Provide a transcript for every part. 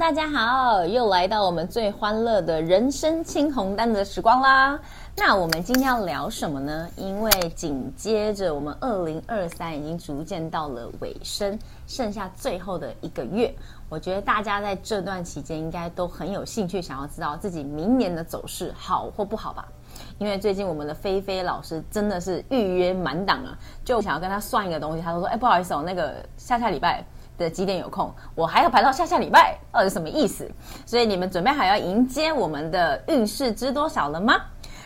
大家好，又來到我們最歡樂的人生青紅丹的時光啦。那我們今天要聊什麼呢？因為緊接着我們二零二三已經逐漸到了尾聲，剩下最後的一個月，我覺得大家在這段期間應該都很有興趣，想要知道自己明年的走勢好或不好吧。因為最近我們的菲菲老師真的是預約滿檔啊，就想要跟他算一個東西，他都說，說，哎、欸，不好意思哦，那個下下禮拜。幾點有空？我還要排到下下禮拜，呃、哦，是什麼意思？所以你們準備好要迎接我們的運勢知多少了嗎？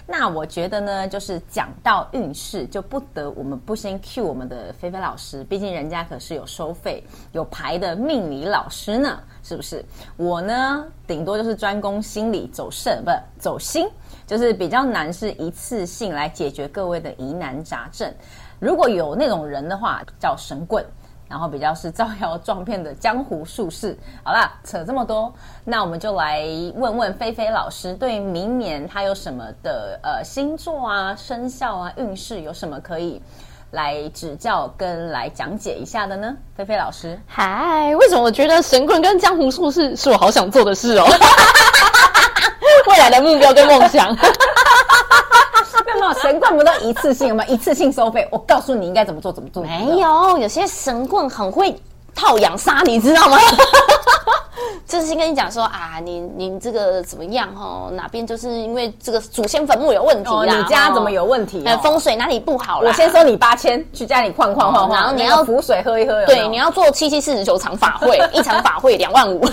那我覺得呢，就是講到運勢，就不得我們不先 cue 我們的菲菲老師，畢竟人家可是有收費、有牌的命理老師呢，是不是？我呢，頂多就是專攻心理走腎，不走心，就是比較難是一次性來解決各位的疑難雜症。如果有那種人的話，叫神棍。然後比較是招搖撞騙的江湖術士。好啦，扯這麼多，那我們就來問問菲菲老師，對明年他有什麼的呃星座啊、生肖啊、運勢有什麼可以來指教跟來講解一下的呢？菲菲老師，嗨，為什麼我覺得神棍跟江湖術士是我好想做的事哦？ 未來的目標跟夢想。 哦，神棍不都一次性嗎，有沒有？一次性收費。我告訴你應該怎麼做，怎麼做。沒有，沒有，有些神棍很會套養殺，你知道嗎？ 就是先跟你講說啊，你你這個怎麼樣哦？哪邊就是因為這個祖先墳墓有問題呀，哦？你家怎麼有問題，哦，哎？風水哪裡不好了？我先收你八千，去家裡逛逛，哦，然後你要符，那個，水喝一喝有沒有。對，你要做七七四十九場法會， 一場法會兩萬五。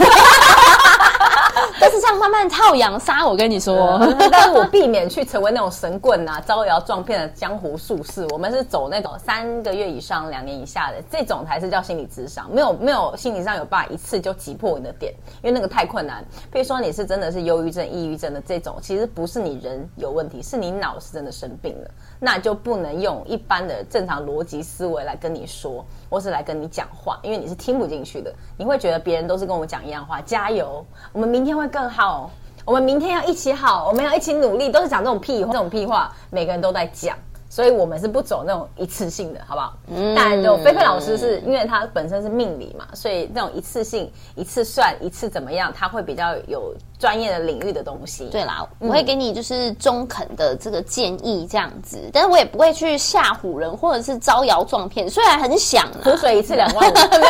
套羊沙，我跟你說， 但是我避免去成為那種神棍啊、招搖撞騙的江湖術士。我們是走那種三個月以上、兩年以下的，這種才是叫心理諮商。沒有沒有，心理上有辦法一次就擊破你的點，因為那個太困難。譬如說你是真的是憂鬱症、抑鬱症的這種，其實不是你人有問題，是你腦是真的生病了，那就不能用一般的正常邏輯思維來跟你說，或是來跟你講話，因為你是聽不進去的。你會覺得別人都是跟我講一樣話，加油，我們明天會更好。我們明天要一起好，我們要一起努力，都是講這種屁話，這種屁話，每個人都在講。所以，我們是不走那種一次性的好不好？嗯。當然就菲菲老師是，是因為他本身是命理嘛，所以那種一次性一次算一次怎麼樣，他會比較有專業的領域的東西。對啦、嗯，我會給你就是中肯的這個建議這樣子，但是我也不會去嚇唬人或者是招搖撞騙。雖然很想啦，喝水一次兩萬五， 雖然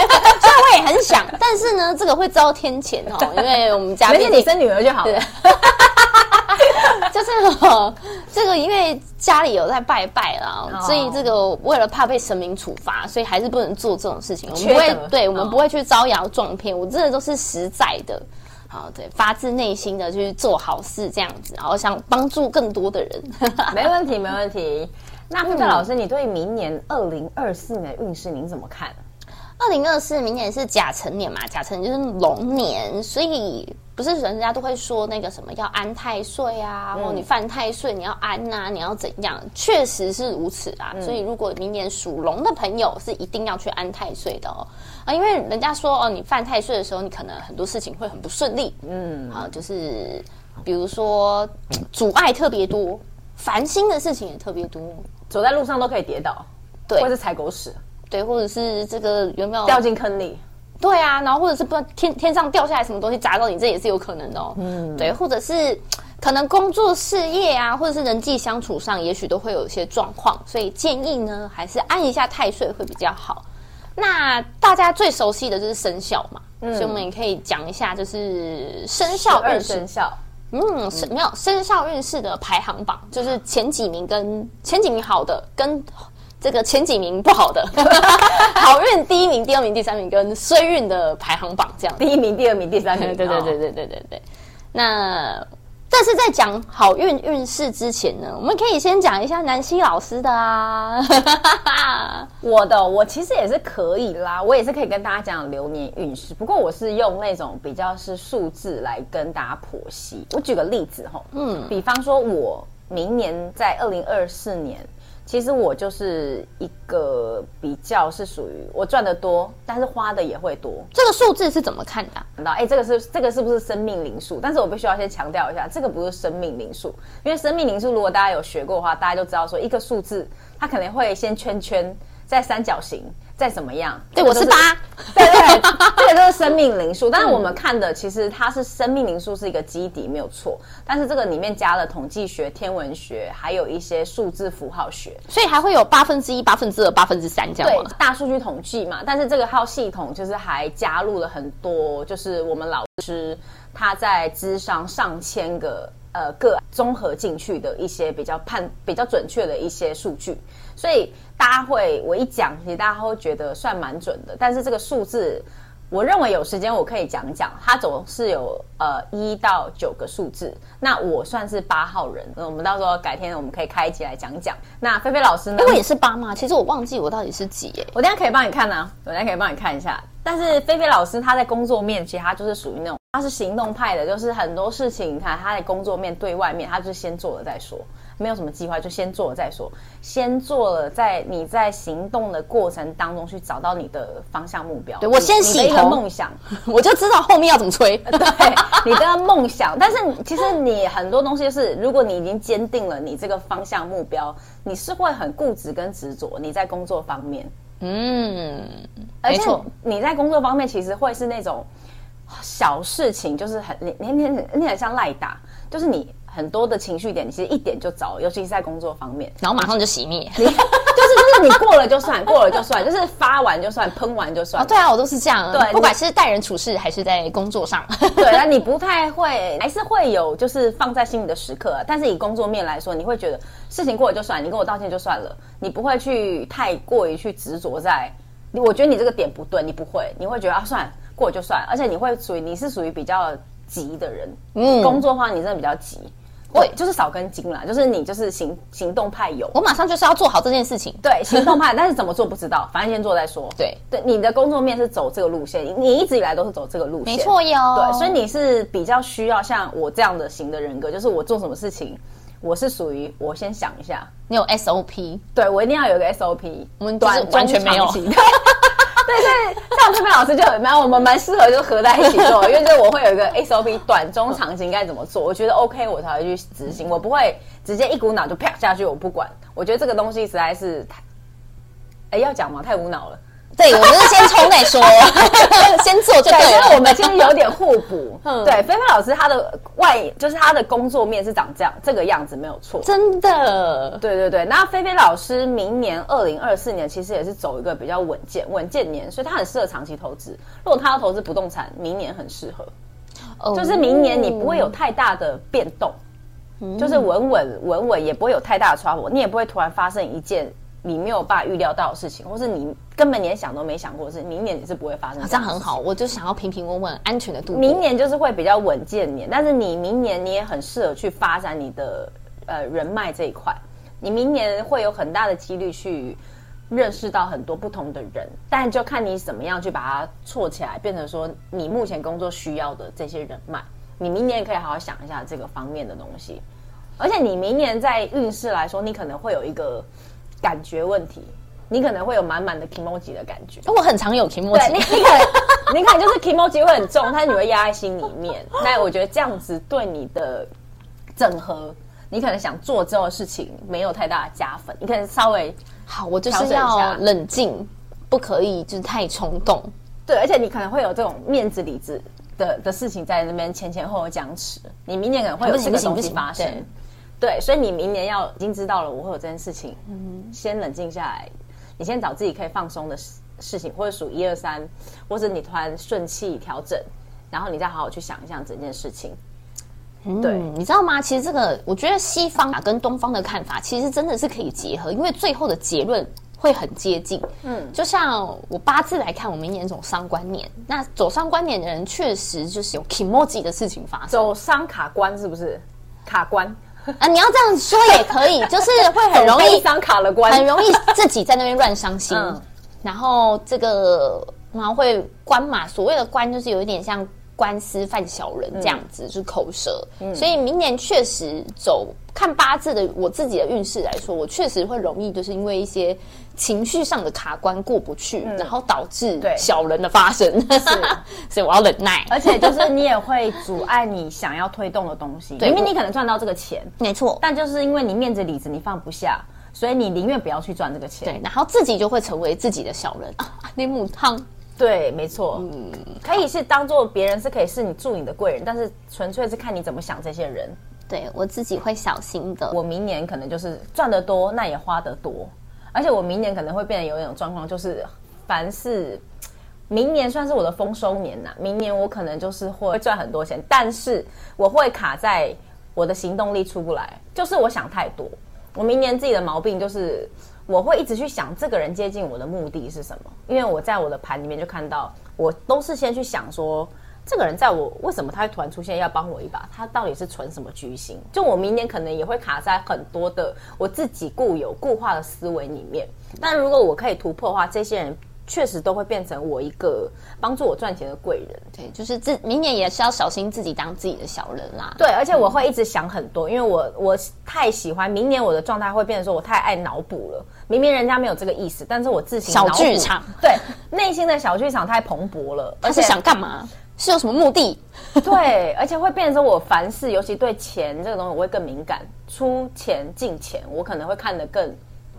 我也很想， 但是呢，這個會遭天譴哦，因為我們家是你生女兒就好了。 就是吼，這個，因為家裡有在拜拜啦，oh. 所以這個為了怕被神明處罰，所以還是不能做這種事情。我們不會，對，我們不會去招搖撞騙，oh. 我真的都是實在的，好對，發自內心的去做好事這樣子，然後想幫助更多的人。 沒問題，沒問題。那木子老師，你對明年二零二四年的運勢您怎麼看？二零二四明年是甲辰年嘛，甲辰就是龍年，所以不是人家都會說那個什麼要安太歲啊？哦、嗯，或你犯太歲，你要安吶、啊，你要怎樣？確實是如此啊、嗯。所以如果明年屬龍的朋友是一定要去安太歲的哦啊，因為人家說哦，你犯太歲的時候，你可能很多事情會很不順利。嗯，啊，就是比如說阻礙特別多，煩心的事情也特別多，走在路上都可以跌倒，對，或者踩狗屎。對，或者是這個有沒有掉進坑裡？對啊，然後或者是不知道天天上掉下來什麼東西砸到你，這也是有可能的、哦。嗯，對，或者是可能工作事業啊，或者是人際相處上，也許都會有一些狀況。所以建議呢，還是安一下太歲會比較好。那大家最熟悉的就是生肖嘛、嗯，所以我們也可以講一下，就是生肖運勢生肖，嗯，是、嗯、沒有生肖運勢的排行榜，嗯、就是前幾名跟前幾名好的跟。這個前幾名不好的 好運，第一名、第二名、第三名跟衰運的排行榜這樣，第一名、第二名、第三名。 名名三名 對，對，對對對對對對對。那但是在講好運運勢之前呢，我們可以先講一下南希老師的啊。 我的我其實也是可以啦，我也是可以跟大家講流年運勢，不過我是用那種比較是數字來跟大家剖析。我舉個例子哈，嗯，比方說我明年在二零二四年。其實我就是一個比較是屬於我賺的多，但是花的也會多。這個數字是怎麼看的？哎，這個是這個是不是生命靈數？但是我必須要先強調一下，這個不是生命靈數，因為生命靈數如果大家有學過的話，大家就知道說一個數字它可能會先圈圈，再三角形。再怎麼樣，對，這個就是、我是八，對 對對，這個都是生命靈數，但是我們看的其實它是生命靈數是一個基底、嗯，沒有錯，但是這個裡面加了統計學、天文學，還有一些數字符號學，所以還會有八分之一、八分之二、八分之三這樣。嘛。大數據統計嘛，但是這個號系統就是還加入了很多，就是我們老師他在諮商上千個。呃，個綜合進去的一些比較判比較準確的一些數據，所以大家會我一講，其實大家會覺得算蠻準的。但是這個數字，我認為有時間我可以講講，它總是有呃一到九個數字。那我算是八號人，那我們到時候改天我們可以開一集來講講。那菲菲老師呢？因為也是八嘛，其實我忘記我到底是幾耶、欸。我等一下可以幫你看吶、啊，我等一下可以幫你看一下。但是菲菲老師她在工作面，其實她就是屬於那種。他是行動派的，就是很多事情，你看他在工作面對外面，他就先做了再說，沒有什麼計劃就先做了再說，先做了，在你在行動的過程當中去找到你的方向目標。對你我先寫一個夢想，我就知道後面要怎麼吹。對你的夢想， 但是其實你很多東西就是，如果你已經堅定了你這個方向目標，你是會很固執跟執着。你在工作方面，嗯，沒錯，你在工作方面其實會是那種。小事情就是很你你你很你很像賴打，就是你很多的情緒點，你其實一點就着，尤其是在工作方面，然後馬上就熄滅。就是就是你過了就算， 過了就算， 就是發完就算，噴完就算。啊，對啊，我都是這樣、啊。對，不管是待人處事還是在工作上， 對，啊，你不太會，還是會有就是放在心裡的時刻、啊。但是以工作面來說，你會覺得事情過了就算，你跟我道歉就算了，你不會去太過於去執着在。我覺得你這個點不對，你不會，你會覺得啊，算。過就算，而且你會屬於你是屬於比較急的人，嗯，工作的話你真的比較急，對，對，就是少跟筋了，就是你就是行行動派有，我馬上就是要做好這件事情，對，行動派， 但是怎麼做不知道，反正先做再說，對對，你的工作面是走這個路線，你一直以來都是走這個路線，沒錯喲，對，所以你是比較需要像我這樣的型的人格，就是我做什麼事情，我是屬於我先想一下，你有 SOP，對，我一定要有一個 SOP，我們是短，完全沒有。 對，對對，像我這邊老師就蠻我們蠻適合，就合在一起做，因為這我會有一個 SOP，短中長期該怎麼做，我覺得 OK，我才會去執行，我不會直接一股腦就啪下去，我不管，我覺得這個東西實在是太，哎、欸，要講嗎，太無腦了。對，就 就對，對，對，我們是先衝再說，先做，對，因為我們今天有點互補。 對，菲、嗯、菲老師他的外，就是他的工作面是長這樣這個樣子，沒有錯。真的，對對對。那菲菲老師明年二零二四年其實也是走一個比較穩健穩健年，所以他很適合長期投資。如果他要投資不動產，明年很適合，哦、就是明年你不會有太大的變動，嗯、就是穩穩穩穩，也不會有太大的差額，你也不會突然發生一件。你沒有辦法預料到的事情，或是你根本連想都沒想過的是，是明年你是不會發生這、啊。這樣很好，我就想要平平穩穩，安全的度過。明年就是會比較穩健年，但是你明年你也很適合去發展你的呃人脈這一塊。你明年會有很大的幾率去認識到很多不同的人，但就看你怎麼樣去把它錯起來，變成說你目前工作需要的這些人脈。你明年也可以好好想一下這個方面的東西，而且你明年在運勢來說，你可能會有一個。感覺問題，你可能會有滿滿的 Kimoji 的感覺，哦。我很常有 Kimoji 你看，你看， 你就是 Kimoji 會很重，但是你會壓在心裡面。那 我覺得這樣子對你的整合，你可能想做之後的事情沒有太大的加分。你可能稍微好，我就是要冷靜，不可以就是太衝動。對，而且你可能會有這種面子、裡子的的事情在那邊前前後後僵持。你明年可能會有新的東西發生。對，所以你明年要已經知道了，我會有這件事情。嗯，先冷靜下來，你先找自己可以放鬆的事事情，或者數一二三，或者你突然順氣調整，然後你再好好去想一下整件事情。嗯，對，你知道嗎？其實這個，我覺得西方啊跟東方的看法，其實真的是可以結合，因為最後的結論會很接近。嗯，就像我八字來看，我明年走商觀年，那走商觀年的人確實就是有奇摩 i 的事情發生，走商卡關是不是？卡關。 啊，你要這樣說也可以， 就是會很容易 很容易自己在那邊亂傷心、 嗯，然後這個然後會關嘛，所謂的關就是有一點像。官司犯小人這樣子，就、嗯、是口舌、嗯。所以明年確實走看八字的我自己的運勢來說，我確實會容易就是因為一些情緒上的卡關過不去、嗯，然後導致小人的發生呵呵是。所以我要忍耐。而且就是你也會阻礙你想要推動的東西， 對，因為你可能賺到這個錢，沒錯。但就是因為你面子、裡子你放不下，所以你寧願不要去賺這個錢。對，然後自己就會成為自己的小人。阿林母湯。對，沒錯，嗯、可以是當做別人是可以是你助你的貴人，但是純粹是看你怎麼想這些人。對，我自己會小心的，我明年可能就是賺得多，那也花得多，而且我明年可能會變得有一種狀況，就是凡事。明年算是我的豐收年吶，明年我可能就是會賺很多錢，但是我會卡在我的行動力出不來，就是我想太多。我明年自己的毛病就是。我會一直去想這個人接近我的目的是什麼，因為我在我的盤裡面就看到，我都是先去想說，這個人在我為什麼他會突然出現要幫我一把，他到底是存什麼居心？就我明年可能也會卡在很多的我自己固有、固化的思維裡面，但如果我可以突破的話，這些人。確實都會變成我一個幫助我賺錢的貴人，對，就是自明年也是要小心自己當自己的小人啦。對，而且我會一直想很多，嗯、因為我我太喜歡明年我的狀態會變成說我太愛腦補了。明明人家沒有這個意思，但是我自行小劇場，對， 內心的小劇場太蓬勃了，而且。他是想幹嘛？是有什麼目的？ 對，而且會變成說我凡事，尤其對錢這個東西，我會更敏感，出錢進錢，我可能會看得更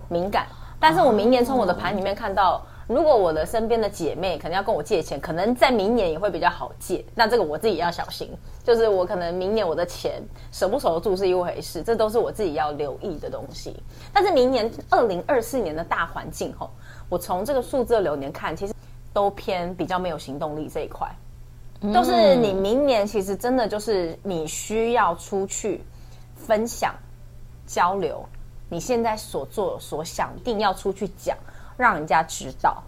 敏感。但是我明年從我的盤裡面看到。啊嗯如果我的身邊的姐妹可能要跟我借錢，可能在明年也會比較好借，那這個我自己要小心。就是我可能明年我的錢守不守得住是一回事，這都是我自己要留意的東西。但是明年二零二四年的大環境哦，我從這個數字流年看，其實都偏比較沒有行動力這一塊。都、嗯，就是你明年其實真的就是你需要出去分享、交流，你現在所做所想，一定要出去講。讓人家知道，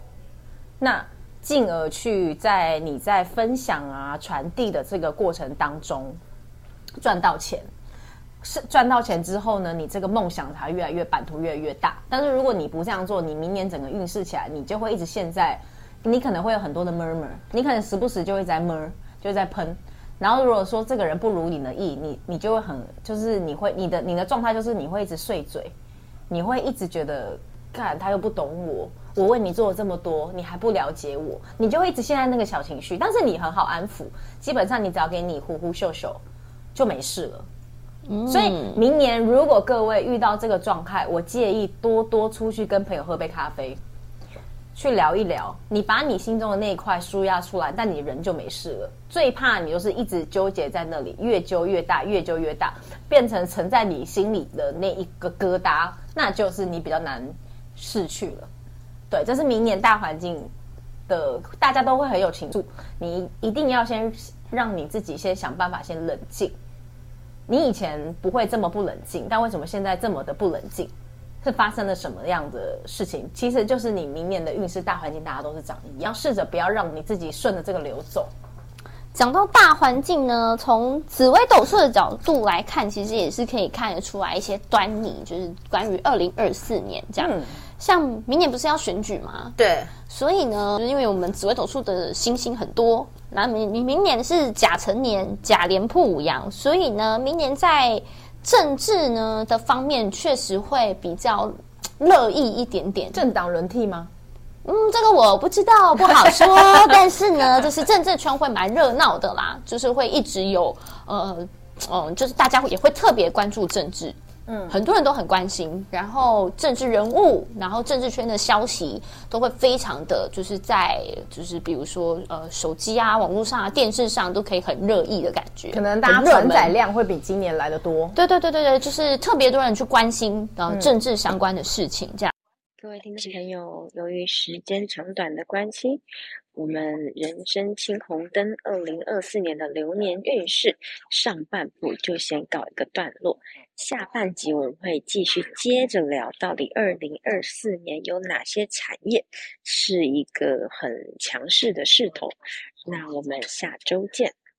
那進而去在你在分享啊、傳遞的這個過程當中賺到錢，是賺到錢之後呢，你這個夢想才越來越版圖越來越大。但是如果你不這樣做，你明年整個運勢起來，你就會一直現在，你可能會有很多的 murmur，你可能時不時就會在 mur 就在噴。然後如果說這個人不如你的意，你你就會很就是你會你的你的狀態就是你會一直碎嘴，你會一直覺得。他又不懂我，我為你做了這麼多，你還不了解我，你就會一直陷在那個小情緒。但是你很好安撫，基本上你只要給你呼呼秀秀就沒事了。嗯。所以明年如果各位遇到這個狀態，我建議多多出去跟朋友喝杯咖啡，去聊一聊。你把你心中的那一塊紓壓出來，但你人就沒事了。最怕你就是一直糾結在那裡，越糾越大，越糾越大，變成沉在你心裡的那一個疙瘩，那就是你比較難。逝去了，對，這是明年大環境的，大家都會很有情緒。你一定要先讓你自己先想辦法，先冷靜。你以前不會這麼不冷靜，但為什麼現在這麼的不冷靜？是發生了什麼樣的事情？其實就是你明年的運勢大環境，大家都是這樣，你要試着不要讓你自己順着這個流走。講到大環境呢，從紫微斗數的角度來看，其實也是可以看得出來一些端倪，就是關於二零二四年這樣。嗯像明年不是要選舉嗎？對，所以呢，因為我們紫微斗數的星星很多，那明你明年是甲辰年，甲廉破武陽，所以呢，明年在政治呢的方面確實會比較熱議一點點。政黨輪替嗎？嗯，這個我不知道，不好說。 但是呢，就是政治圈會蠻熱鬧的啦，就是會一直有呃，嗯、呃，就是大家也會特別關注政治。嗯，很多人都很關心，然後政治人物，然後政治圈的消息都會非常的，就是在就是比如說呃手機啊、網絡上啊、電視上都可以很熱議的感覺，可能大家轉載量會比今年來得多。對對對對對，就是特別多人去關心啊政治相關的事情這樣。各位聽眾朋友，由於時間長短的關係，我們人生青紅燈二零二四年的流年運勢上半部就先告一個段落，下半集我們會繼續接着聊到底二零二四年有哪些產業是一個很強勢的勢頭。那我們下周見。